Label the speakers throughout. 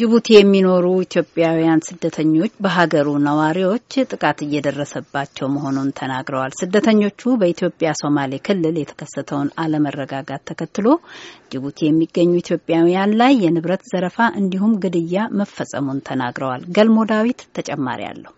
Speaker 1: ጅቡቲ የሚኖሩ ኢትዮጵያውያን ስደተኞች በሀገሩ ነዋሪዎች ጥቃት እየደረሰባቸው መሆኑን ተናግረዋል። ስደተኞቹ በኢትዮጵያ ሶማሌ ክልል የተከሰተውን አለመረጋጋት ተከትሎ ጅቡቲ የሚገኙ ኢትዮጵያውያን ላይ የንብረት ዘረፋ እንዲሁም ግድያ መፈጸሙን ተናግረዋል። ገልሞ ዳዊት ተጨማሪ አለው።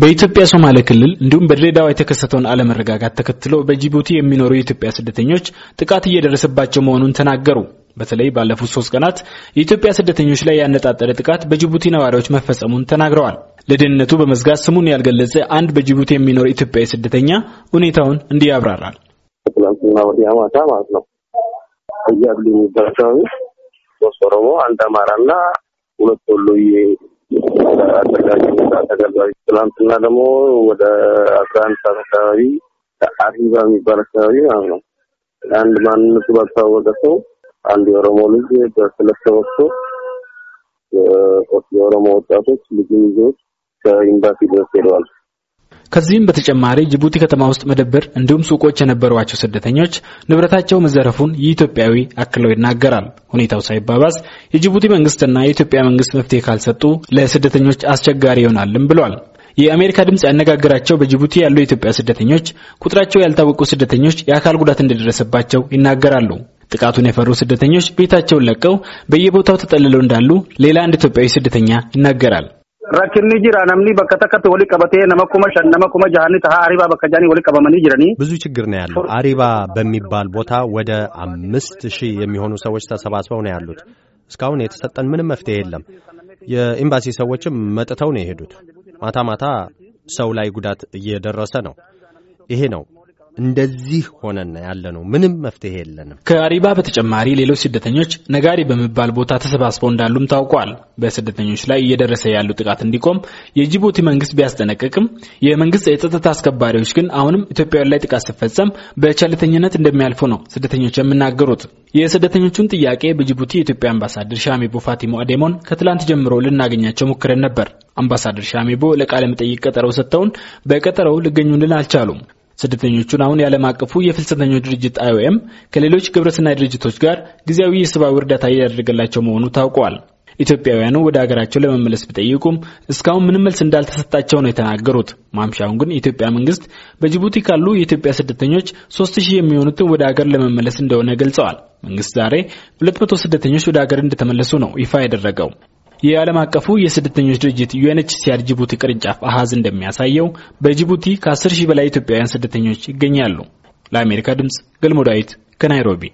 Speaker 2: በኢትዮጵያ ሶማሌ ክልል እንዲሁም በድሬዳዋ የተከሰተውን አለመረጋጋት ተከትሎ በጅቡቲ የሚኖሩ የኢትዮጵያ ስደተኞች ጥቃት እየደረሰባቸው መሆኑን ተናገሩ። በተለይ ባለፉት ሶስት ቀናት የኢትዮጵያ ስደተኞች ላይ ያነጣጠረ ጥቃት በጅቡቲ ነዋሪዎች መፈጸሙን ተናግረዋል። ለደህንነቱ በመዝጋት ስሙን ያልገለጸ አንድ በጅቡቲ የሚኖር ኢትዮጵያዊ ስደተኛ ሁኔታውን እንዲህ ያብራራል።
Speaker 3: ትናንትና ወዲያ ማታ ማለት ነው እያሉ የሚባል አካባቢ ሶስት ኦሮሞ፣ አንድ አማራና ሁለት ወሎዬ ትላንትና ደግሞ ወደ አስራ አንድ ሰዓት አካባቢ አሪባ የሚባል አካባቢ ማለት ነው አንድ ማንነቱ ባልታወቀ ሰው አንድ የኦሮሞ ልጅ በስለት ተወቅቶ የኦሮሞ ወጣቶች ልጁን ይዞት ከኢምባሲ ድረስ ሄደዋል።
Speaker 2: ከዚህም በተጨማሪ ጅቡቲ ከተማ ውስጥ መደብር እንዲሁም ሱቆች የነበሯቸው ስደተኞች ንብረታቸው መዘረፉን የኢትዮጵያዊ ኢትዮጵያዊ አክለው ይናገራል። ሁኔታው ሳይባባስ የጅቡቲ መንግስትና የኢትዮጵያ መንግስት መፍትሄ ካልሰጡ ለስደተኞች አስቸጋሪ ይሆናልም ብሏል። የአሜሪካ ድምፅ ያነጋገራቸው በጅቡቲ ያሉ የኢትዮጵያ ስደተኞች ቁጥራቸው ያልታወቁ ስደተኞች የአካል ጉዳት እንደደረሰባቸው ይናገራሉ። ጥቃቱን የፈሩ ስደተኞች ቤታቸውን ለቀው በየቦታው ተጠልለው እንዳሉ ሌላ አንድ ኢትዮጵያዊ ስደተኛ ይናገራል። ጅራ ወሊ ቀበቴ ነመኩመ ጃሃኒ አሪባ ወሊ ቀበመኒ ጅረኒ ብዙ ችግር ነው ያለው። አሪባ በሚባል ቦታ ወደ አምስት ሺህ የሚሆኑ ሰዎች ተሰባስበው ነው ያሉት። እስካሁን የተሰጠን ምንም መፍትሄ የለም። የኤምባሲ ሰዎችም መጥተው ነው የሄዱት። ማታ ማታ ሰው ላይ ጉዳት እየደረሰ ነው። ይሄ ነው እንደዚህ ሆነና ያለ ነው። ምንም መፍትሄ የለንም። ከአሪባ በተጨማሪ ሌሎች ስደተኞች ነጋሪ በሚባል ቦታ ተሰባስበው እንዳሉም ታውቋል። በስደተኞች ላይ እየደረሰ ያለው ጥቃት እንዲቆም የጅቡቲ መንግስት ቢያስጠነቅቅም የመንግስት የጸጥታ አስከባሪዎች ግን አሁንም ኢትዮጵያውያን ላይ ጥቃት ሲፈጸም በቸልተኝነት እንደሚያልፉ ነው ስደተኞች የሚናገሩት። የስደተኞቹን ጥያቄ በጅቡቲ የኢትዮጵያ አምባሳደር ሻሚቦ ፋቲሞ አዴሞን ከትላንት ጀምሮ ልናገኛቸው ሞክረን ነበር። አምባሳደር ሻሚቦ ለቃለ መጠይቅ ቀጠረው ሰጥተውን በቀጠረው ልገኙልን አልቻሉም። ስደተኞቹን አሁን ያለም አቀፉ የፍልሰተኞች ድርጅት አይኦኤም ከሌሎች ግብረሰናይ ድርጅቶች ጋር ጊዜያዊ የሰብአዊ እርዳታ እያደረገላቸው መሆኑ ታውቋል። ኢትዮጵያውያኑ ወደ ሀገራቸው ለመመለስ ቢጠይቁም እስካሁን ምንም መልስ እንዳልተሰጣቸው ነው የተናገሩት። ማምሻውን ግን የኢትዮጵያ መንግስት በጅቡቲ ካሉ የኢትዮጵያ ስደተኞች ሶስት ሺህ የሚሆኑትን ወደ ሀገር ለመመለስ እንደሆነ ገልጸዋል። መንግስት ዛሬ ሁለት መቶ ስደተኞች ወደ ሀገር እንደተመለሱ ነው ይፋ ያደረገው። የዓለም አቀፉ የስደተኞች ድርጅት ዩኤንኤችሲአር ጅቡቲ ቅርንጫፍ አሃዝ እንደሚያሳየው በጅቡቲ ከ10 ሺህ በላይ ኢትዮጵያውያን ስደተኞች ይገኛሉ። ለአሜሪካ ድምፅ ገልሞ ዳዊት ከናይሮቢ